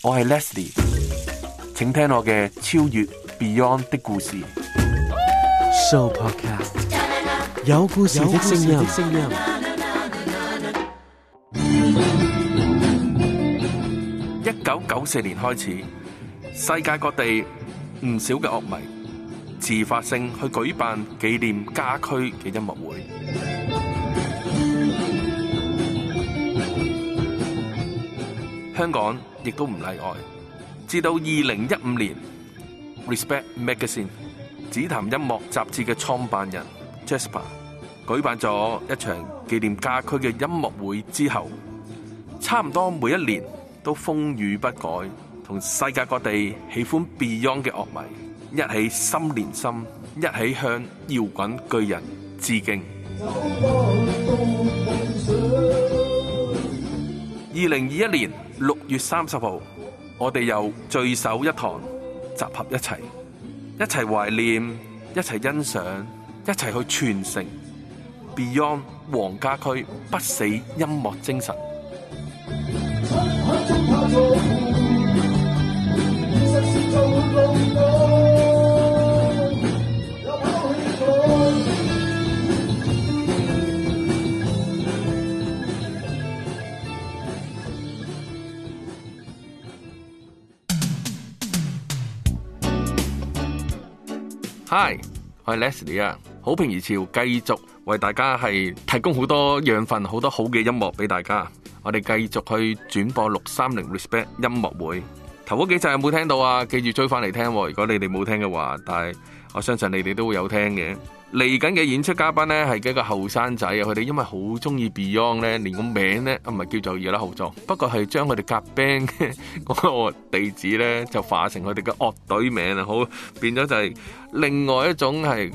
我係 Leslie，請聽我嘅超越 Beyond 的故事。So Podcast，有故事的聲音。一九九四年開始，世界各地唔少嘅樂迷自發性去舉辦紀念家駒嘅音樂會。香港亦都唔例外。至到二零一五年，Respect Magazine《紫檀音樂雜誌》嘅創辦人 Jasper 舉辦咗一場紀念家駒嘅音樂會之後，差唔多每一年都風雨不改，同世界各地喜歡 Beyond 嘅樂迷一起心連心，一起向搖滾巨人致敬。二零二一年六月三十號，我哋又聚首一堂，集合一齊，一齊懷念，一齊欣賞，一齊去傳承 Beyond 黃家駒不死音樂精神。Hi，我係 Leslie 啊！好評如潮，繼續為大家係提供好多養分、好多好嘅音樂俾大家。我哋繼續去轉播六三零 Respect 音樂會。頭嗰幾集有冇聽到啊？記住追翻嚟聽。如果你哋冇聽嘅話，但係我相信你哋都會有聽嘅。嚟緊嘅演出嘉賓咧，係幾個後生仔啊！佢哋因為好中意 Beyond 咧，連個名咧，唔係叫做二樓後座，不過係將佢哋夾 band 嗰個地址咧，就化成佢哋嘅樂隊名啊！好變咗就係另外一種係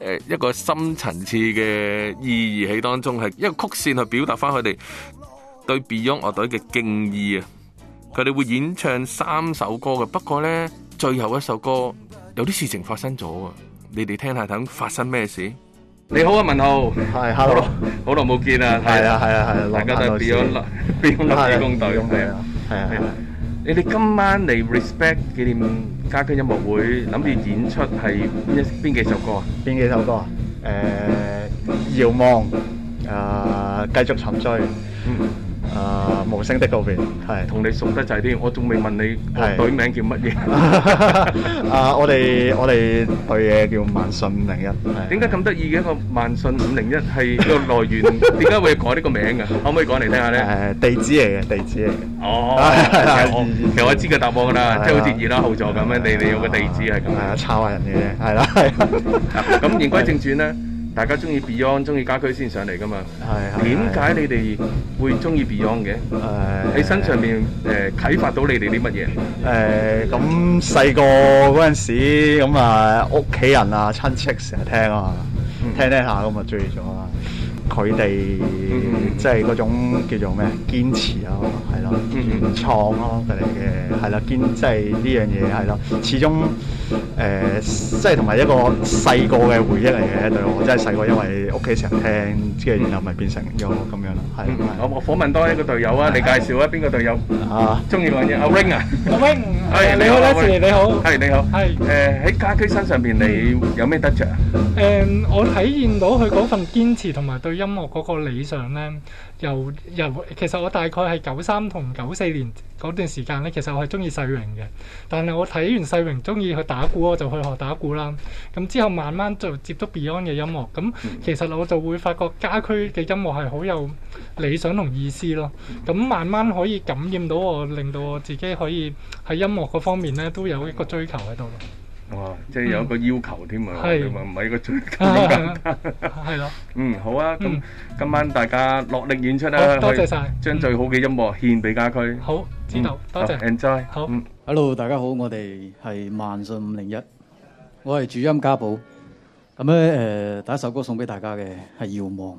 誒一個深層次嘅意義喺當中，係一個曲線去表達翻佢哋對 Beyond 樂隊嘅敬意啊！佢哋會演唱三首歌嘅，不過咧最後一首歌有啲事情發生咗啊！你哋聽下等發生咩事？你好啊，文浩，係，hello，好耐冇見啊，係啊，係啊，係，大家都變咗變咗義工隊，係啊，係啊，你哋今晚嚟 respect 紀念家居音樂會，諗住演出係邊邊幾首歌啊？邊幾首歌啊？誒，遙望，誒，繼續沉醉。升得嗰邊，係同你送得滯啲，我仲未問你隊名叫乜嘢。啊，我哋我哋隊嘢叫萬信五零一，係點解咁得意嘅一個萬信五零一係個來源？點解會改呢個名嘅？可唔可以講嚟聽下咧？誒，地址嚟嘅，地址嚟嘅。哦，其實我知個答案㗎啦，即係好似二樓後座咁樣，你你有個地址係咁。係啊，抄下人嘅。係啦，係。咁言歸正傳咧。大家中意 Beyond，中意家駒先上嚟噶嘛？點解的你哋會中意 Beyond 嘅？喺的身上邊誒、呃、啟發到你哋啲乜嘢？誒咁細個嗰陣時咁啊，屋企人啊、親戚成日聽啊嘛，聽聽下咁、嗯、啊追咗啊。佢哋即係嗰種叫做咩啊？堅持咯，係咯，原創咯，佢哋嘅係啦，堅即係呢樣嘢係咯。始終誒，即係同埋一個細個嘅回憶嚟嘅。對我真係細個，因為屋企成日聽，即係然後咪變成咗咁樣啦。係，我我訪問多一個隊友啊，你介紹啊，邊個隊友啊？中意揾嘢？阿 Ring 啊，阿 Ring，係你好，Leslie 你好，係你好，係誒喺家駒身上邊你有咩得著啊？誒，我體驗到佢嗰份堅持同埋對音樂嗰個理想呢，由由，其實我大概係九三同九四年嗰段時間呢。其實我係中意世榮嘅。但係我睇完世榮中意去打鼓，我就去學打鼓啦。咁之後慢慢就接觸 Beyond 嘅音樂。咁其實我就會發覺家駒嘅音樂係好有理想同意思咯。咁慢慢可以感染到我，令到我自己可以喺音樂嗰方面呢，都有一個追求喺度。哇！即係有個要求添啊，唔係個最咁簡單。係咯，嗯，好啊，咁今晚大家落力演出啦，多謝晒，將最好嘅音樂獻俾家駒。好，知道，多謝。Enjoy。好，Hello，大家好，我哋係萬信五零一，我係主音家寶。咁咧，誒，第一首歌送俾大家嘅係遙望。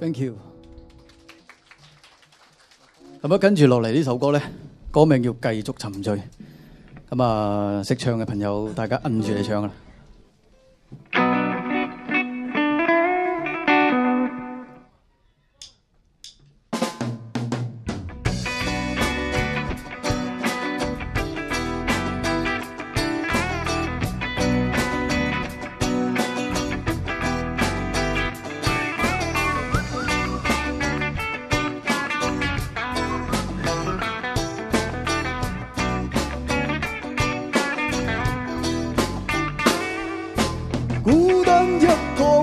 Thank you。咁啊，跟住落嚟呢首歌咧，歌名叫《繼續沉醉》。咁啊，識唱嘅朋友，大家摁住嚟唱啦。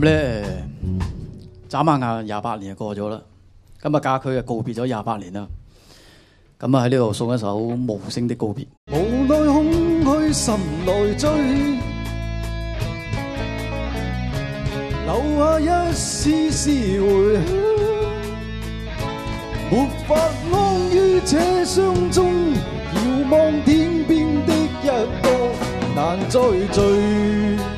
咁咧眨下眼，廿八年就過咗啦。今日嫁佢啊，告別咗廿八年啦。咁啊喺呢度送一首無聲的告別。無奈空虛心內追，留下一絲絲回憶，沒法安於車廂中，遙望天邊的日落，難再聚。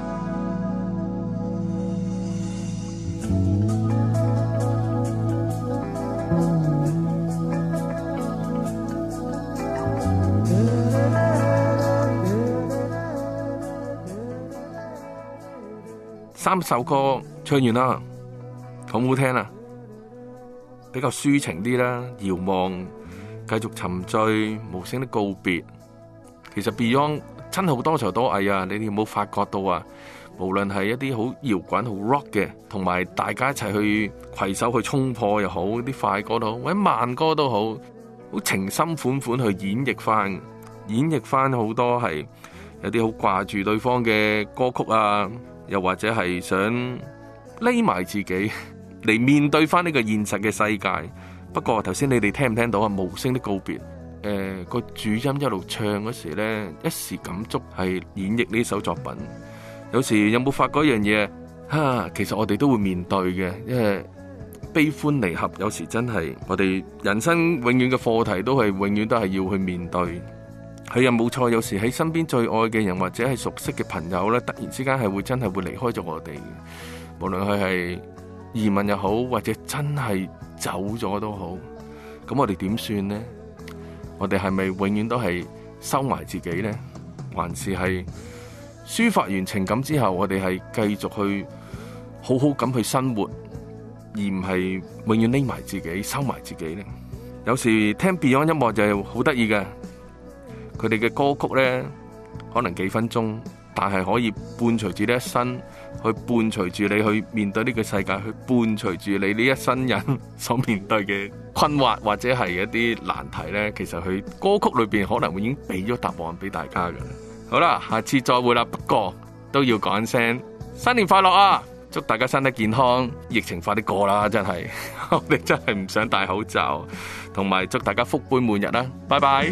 三首歌唱完啦，好唔好聽啊？比較抒情啲啦，遙望、繼續沉醉、無聲的告別。其實 Beyond 真好多才多藝啊！你哋有冇發覺到啊？無論係一啲好搖滾、好 rock 嘅，同埋大家一齊去携手去衝破又好，啲快歌都好，或者慢歌都好，好情深款款去演繹翻，演繹翻好多係有啲好掛住對方嘅歌曲啊！又或者係想匿埋自己嚟面對翻呢個現實嘅世界。不過頭先你哋聽唔聽到啊？無聲的告別，誒、呃、個主音一路唱嗰時咧，一時感觸係演繹呢首作品。有時有冇發覺一樣嘢哈，其實我哋都會面對嘅，因為悲歡離合，有時真係我哋人生永遠嘅課題都係，都係永遠都係要去面對。佢又冇錯，有時喺身邊最愛嘅人或者係熟悉嘅朋友咧，突然之間係會真係會離開咗我哋嘅。無論佢係移民又好，或者真係走咗都好，咁我哋點算呢？我哋係咪永遠都係收埋自己呢？還是係抒發完情感之後，我哋係繼續去好好咁去生活，而唔係永遠匿埋自己、收埋自己呢？有時聽 Beyond 音樂就好得意嘅。佢哋嘅歌曲呢，可能幾分鐘，但係可以伴隨住呢一生，去伴隨住你去面對呢個世界，去伴隨住你呢一生人所面對嘅困惑或者係一啲難題呢。其實佢歌曲裏邊可能會已經俾咗答案俾大家嘅。好啦，下次再會啦。不過都要講聲新年快樂啊！祝大家身體健康，疫情快啲過啦！真係我哋真係唔想戴口罩，同埋祝大家福杯滿日啦！拜拜。